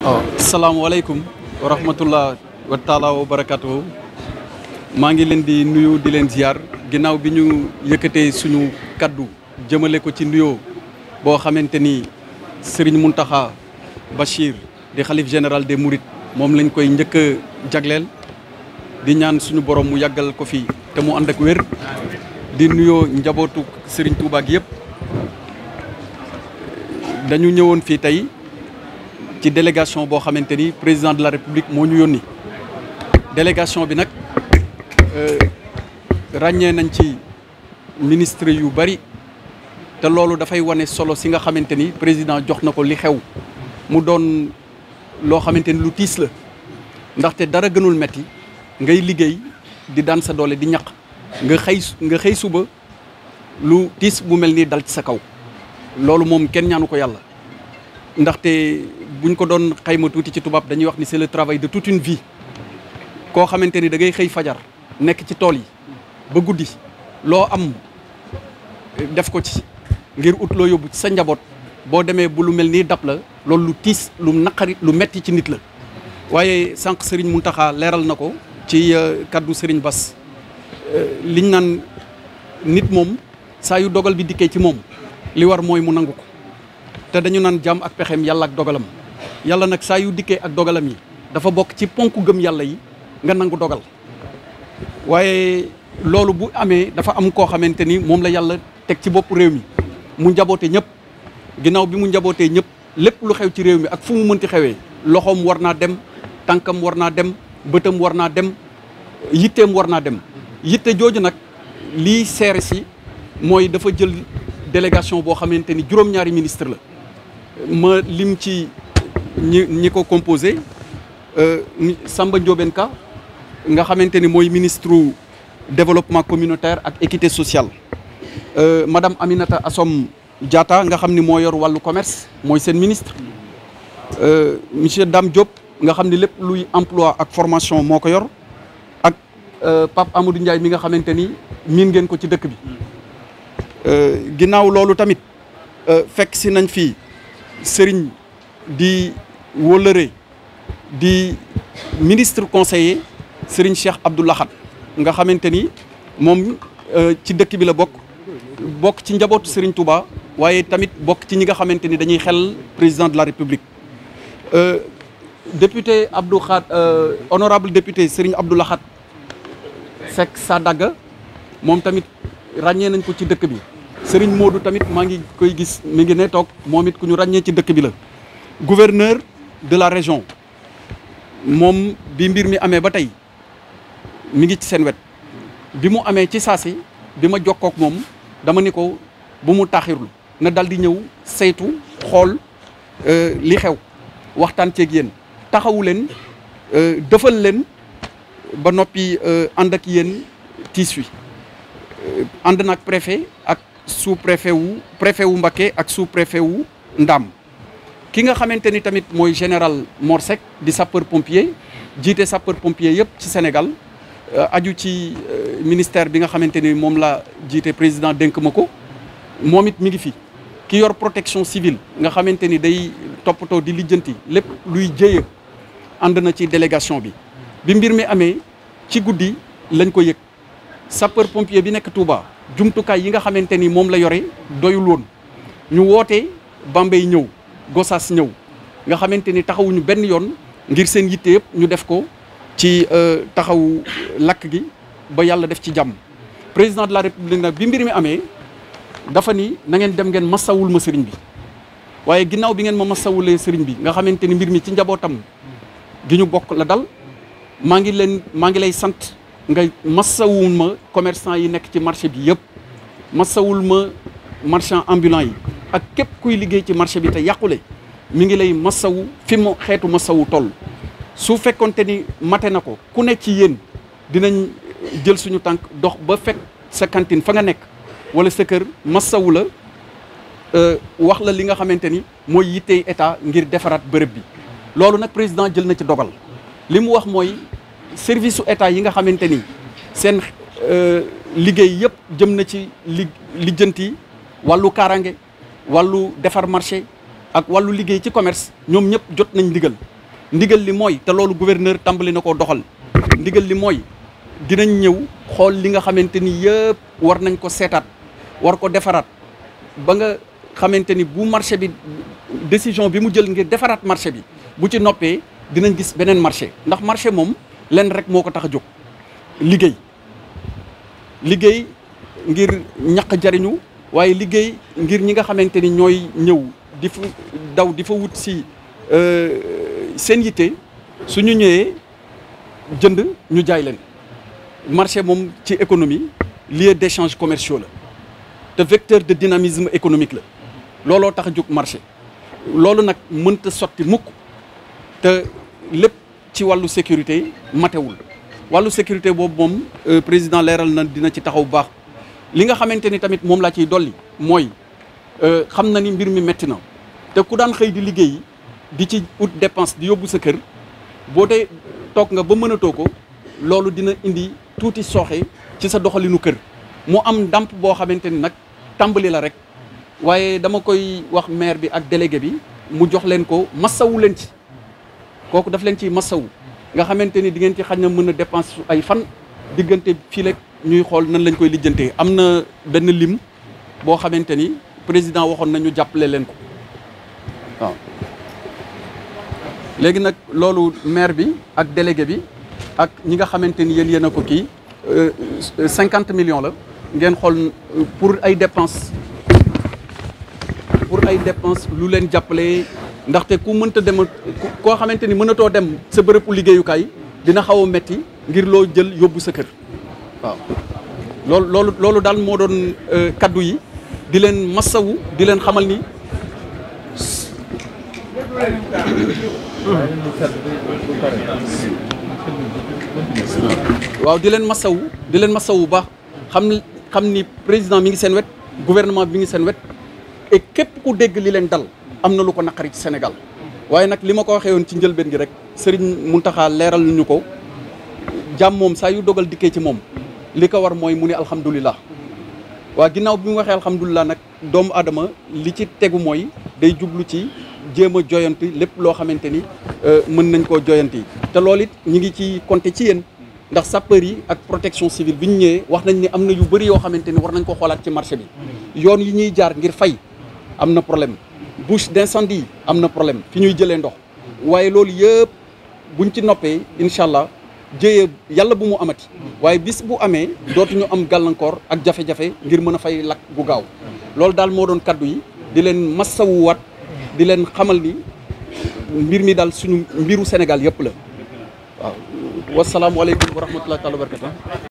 waaw oh, salaamaaleykum wa rahmatullah wa maa ngi leen di nuyu di leen ziar ginnaaw bi ñu yëkkatee suñu kàddu jëmale ko ci nuyoo boo xamante ni Serigne Mountakha Bachir di xalif général de murit moom lañ koy njëkk a jagleel di ñaan suñu borom mu yàggal ko fi te mu ànd ak wér di nuyoo njabootu sëriñ Touba yépp yëpp dañu ñëwoon fii tey. ci délégation boo xamante ni président de la république moo ñu yónni délégation bi nag euh, ràññee nañ ci ministre yu bari te loolu dafay wane solo si nga xamante ni président jox na ko li xew mu doon loo xamante ni lu tiis la ndaxte dara gënul metti ngay liggéey di daan sa doole di ñaq nga xëy nga xëy suba lu tiis bu mel nii dal ci sa kaw loolu moom kenn ñaanu ko yàlla ndaxte buñ ko doon xayma tuuti ci tubaab dañuy wax ni c'est le travail de toute une vie koo xamante ni da ngay xëy fajar nekk ci tool yi ba guddi loo am def ko ci ngir ut loo yóbbu ci sa njaboot boo demee bu lu mel nii dab la loolu lu tiis lu naqari lu metti ci nit la waaye sànq sëriñ Muntaxa leeral na ko ci euh, kaddu sëriñ Bas euh, liñ naan nit moom saa yu dogal bi dikkee ci moom li war mooy mu nangu ko te dañu naan jàmm ak pexeem yàlla ak dogalam yàlla nag saa yu dikkee ak dogalam yi dafa bokk ci ponk gëm yàlla yi nga nangu dogal waaye loolu bu amee dafa am koo xamante ni moom la yàlla teg ci bopp réew mi mu njaboote ñëpp ginnaaw bi mu njabootee ñëpp lépp lu xew ci réew mi ak fu mu mënti xewee loxoom war naa dem tànkam war naa dem bëtam war naa dem yitteem war naa dem yitte jooju nag lii seere si mooy dafa jël délégation boo xamante ni juróom-ñaari ministre la ma lim ci ñi ñi ko composé euh, Samba Ndiobène Ka nga xamante ni mooy ministre développement communautaire ak équité sociale euh, madame Aminata Assom jaata nga xam ni moo yor wàllu commerce mooy seen ministre euh, monsieur Dame Diop nga xam ni lépp luy emploi ak formation moo ko yor ak Pape Amadou Ndiaye mi nga xamante ni miin ngeen ko ci dëkk bi ginnaaw loolu tamit fekk si nañ fii Serigne di wóllëre di ministre conseiller Serigne Cheikh Abdou Lahad nga xamante ni moom euh, ci dëkk bi la bokk bokk ci njabootu Serigne Touba waaye tamit bokk ci ñi nga xamante ni dañuy xel président de la République euh, député Abdou Khat euh, honorable député Serigne Abdou Lahad Seck Sadaga moom tamit ràññee nañ ko ci dëkk bi Serigne Modou tamit maa ngi koy gis mu ngi ne toog moom it ku ñu ràññee ci dëkk bi la gouverneur de la région moom bi mbir mi amee ba tey mi ngi ci seen wet bi mu amee ci saasi bi ma jokkook moom dama ni ko bu mu taaxirlu na dal di ñëw saytu xool euh, li xew waxtaan ceeg yéen taxawu leen euh, defal leen ba noppi euh, ànd ak yéen tiis wi ànd naag préfet ak sous préfet wu préfet wu Mbacké ak sous préfet wu Ndam ki nga xamante ni tamit mooy général Mor Seck di sapeur pompier jiite sapeur pompier yëpp ci Sénégal euh, aju ci euh, ministère bi nga xamante ni moom la jiite président dénk ma ko moom it mi ngi fi ki yor protection civile nga xamante ni day toppatoo di lijjanti lépp luy jëye ànd na ci délégation bi bi mbir mi amee ci guddi lañ ko yëg sapeur pompier bi nekk Touba jumtukaay yi nga xamante ni moom la yore doyul woon ñu woote Bambey ñëw Gossas ñëw nga xamante ni taxawuñu benn yoon ngir seen yitte yëpp ñu def ko ci euh, taxawu lakk gi ba yàlla def ci jàmm président de la république nag bi mbir mi amee dafa ni na ngeen dem ngeen masawul ma sëriñ bi waaye ginnaaw bi ngeen ma masawulee sëriñ bi nga xamante ni mbir mi ci njabootam gi ñu bokk la dal maa ngi leen maa ngi lay sant nga massawul ma commerçant yi nekk ci marché bi yëpp masawul ma marchand ambulant yi ak képp kuy liggéey ci marché bi te yàqule mi ngi lay masawu fi mu xeetu masawu toll su fekkonte ni mate na ko ku nekk ci yéen dinañ jël suñu tànk dox ba fekk sa cantine fa nga nekk wala sa kër masawu la euh, wax la li nga xamante ni mooy yittey état ngir defaraat bërëb bi loolu nag président jël na ci dogal li mu wax mooy service su état yi nga xamante ni seen euh, liggéey yëpp jëm na ci li lijjanti wàllu kaaraange wàllu defar marché ak wàllu liggéey ci commerce ñoom ñëpp jot nañ ndigal ndigal li mooy te loolu gouverneur tàmbali na koo doxal ndigal li mooy dinañ ñëw xool li nga xamante ni war nañ ko seetaat war ko defaraat ba nga xamante ni bu marché bi décision bi mu jël ngir defaraat marché bi bu ci noppee dinañ gis beneen marché ndax marché moom lenn rek moo ko tax a jóg liggéey liggéey ngir ñaq jariñu waaye liggéey ngir ñi nga xamante ni ñooy ñëw di fa daw di fa wut si euh, seen yitte su ñu ñëwee jënd ñu jaay leen marché moom ci économie lieu change commerciaux la te vecteur de dynamisme économique la looloo tax a jóg marché loolu nag mënta sotti mukk te lépp ci wàllu sécurité matewul wàllu sécurité boobu moom euh, président leeral na dina ci taxaw baax li nga xamante ni tamit moom laa ciy dolli mooy euh, xam na ni mbir mi métti na te ku daan xëy di liggéey di ci ut dépense di yóbbu sa kër boo dee toog nga ba mënatoo ko loolu dina indi tuuti sooxe ci sa doxalinu kër mu am ndàmp boo xamante ni nag tàmbali la rek waaye dama koy wax maire bi ak délégué bi mu jox leen ko masawu leen ci kooku daf leen ci massawu nga xamante ni di ngeen ci xañ na mën a dépense ay fan diggante fii rek ñuy xool nan lañ koy lijjantee am na benn lim boo xamante ni président waxoon nañu jàppale leen ko waaw léegi nag loolu maire bi ak délégué bi ak ñi nga xamante ni yéen yéen a ko kii euh, cinquante million la ngeen xool euh, pour ay dépenses pour ay dépenses lu leen jàppale ndaxte ku mënta dem koo xamante ni mënatoo dem sa bërëbu liggéeyukaay dina xaw a metti ngir loo jël yóbbu sa kër waaw loolu loolu loolu daal moo doon euh, kaddu yi di leen massawu di leen xamal ni. waaw di leen masawu di leen masawu baax xam xam ni président mi ngi seen wet gouvernement bi ngi seen wet e képp ku dégg li leen dal am na lu ko naqari ci Sénégal waaye nag li ma ko waxee woon ci njëlbeen gi rek mun Mountakha leeral ñu ko jàmm moom saa yu dogal dikkee ci moom li ko war mooy mu ni alhamdulilah waa ginnaaw bi mu waxee alhamdulilah nag doomu aadama li ci tegu mooy day jublu ci jéem a joyanti lépp loo xamante ni euh, mën nañ koo joyanti te loolu it ñu ngi ci compter ci yéen ndax sapeur yi ak protection civile bi ñu ñëwee wax nañ ni am na yu bëri yoo xamante ni war nañ ko xoolaat ci marché bi yoon yi ñuy jaar ngir fay am na problème bouche d'incendie am na problème fi ñuy jëlee ndox waaye loolu yëpp buñ ci noppee incha allah jéyee yàlla bu mu amati waaye bis bu amee dootuñu am gàllankoor ak jafe-jafe ngir mën a fay lakk gu gaaw loolu daal moo doon kàddu yi di leen massawuwaat di leen xamal ni mbir mi daal suñu mbiru Sénégal yëpp la waaw wasalaamualeykum wa rahmatullahi taala wa barakatu